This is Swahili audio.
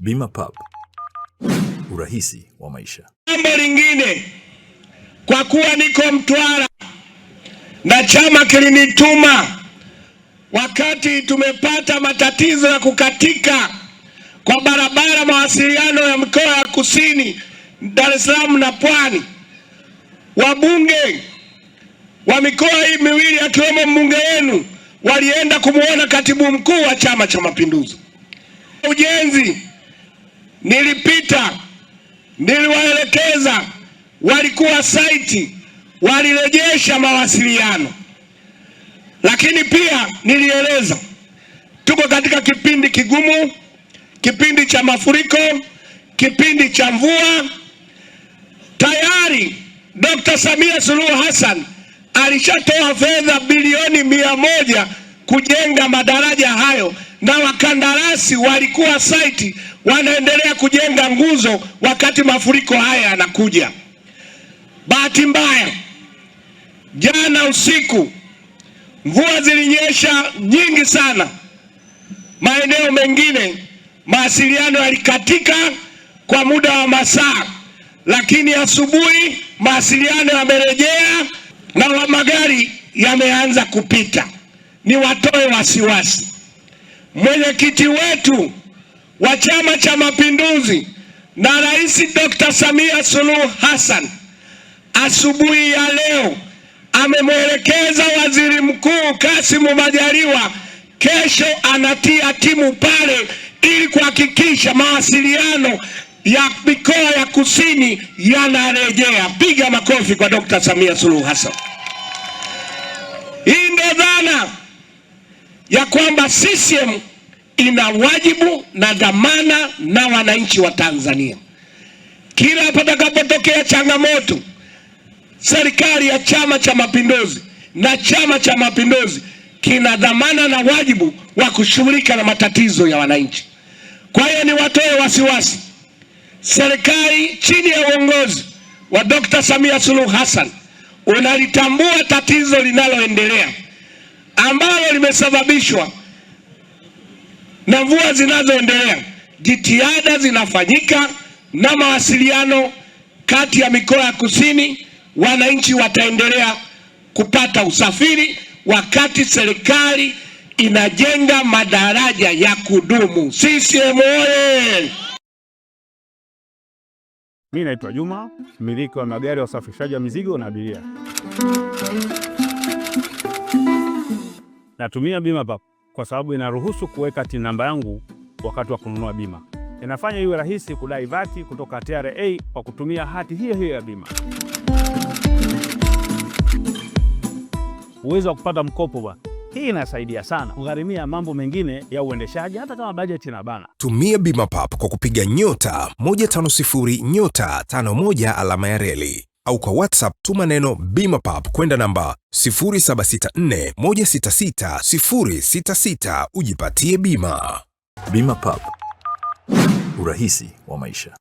Bima Pub, urahisi wa maisha. Jambo lingine, kwa kuwa niko Mtwara na chama kilinituma wakati tumepata matatizo ya kukatika kwa barabara mawasiliano ya mkoa ya kusini Dar es Salaam na Pwani, wabunge wa mikoa hii miwili akiwemo mbunge wenu walienda kumwona katibu mkuu wa Chama cha Mapinduzi ujenzi Nilipita, niliwaelekeza, walikuwa saiti, walirejesha mawasiliano. Lakini pia nilieleza tuko katika kipindi kigumu, kipindi cha mafuriko, kipindi cha mvua. Tayari Dkt. Samia Suluhu Hassan alishatoa fedha bilioni mia moja kujenga madaraja hayo na wakandarasi walikuwa saiti wanaendelea kujenga nguzo wakati mafuriko haya yanakuja. Bahati mbaya, jana usiku mvua zilinyesha nyingi sana, maeneo mengine mawasiliano yalikatika kwa muda wa masaa, lakini asubuhi mawasiliano yamerejea na magari yameanza kupita. Ni watoe wasiwasi mwenyekiti wetu wa Chama cha Mapinduzi na Rais Dr. Samia Suluhu Hassan asubuhi ya leo amemwelekeza Waziri Mkuu Kasimu Majaliwa kesho anatia timu pale ili kuhakikisha mawasiliano ya mikoa ya kusini yanarejea. Piga makofi kwa Dr. Samia Suluhu Hassan. ya kwamba CCM ina wajibu na dhamana na wananchi wa Tanzania. Kila patakapotokea changamoto, serikali ya Chama cha Mapinduzi na Chama cha Mapinduzi kina dhamana na wajibu wa kushughulika na matatizo ya wananchi. Kwa hiyo ni watoe wasiwasi, serikali chini ya uongozi wa Dr. Samia Suluhu Hassan unalitambua tatizo linaloendelea ambalo limesababishwa na mvua zinazoendelea, jitihada zinafanyika na mawasiliano kati ya mikoa ya kusini, wananchi wataendelea kupata usafiri wakati serikali inajenga madaraja ya kudumu. CCM oye! Mimi naitwa Juma, mmiliki wa magari ya usafirishaji wa mizigo na abiria natumia bima papo kwa sababu inaruhusu kuweka TIN namba yangu wakati wa kununua bima. Inafanya iwe rahisi kudai vati kutoka TRA kwa kutumia hati hiyo hiyo ya bima. Uwezo wa kupata mkopo bwana, hii inasaidia sana kugharimia mambo mengine ya uendeshaji hata kama bajeti na bana. Tumia bima pap kwa kupiga nyota 150 nyota 51 alama ya reli au kwa WhatsApp tuma neno Bima Pap kwenda namba 0764166066 ujipatie bima. Bima Pap, urahisi wa maisha.